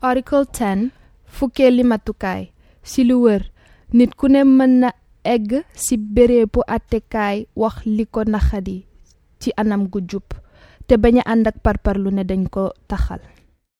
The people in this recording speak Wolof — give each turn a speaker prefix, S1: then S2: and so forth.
S1: article 10 fukkeeli ci lu wër nit ku ne mën na egg ci bérébu àttekaay wax li ko naqadi ci anam gu jub te bañ a ànd ak par par lu ne dañ ko taxal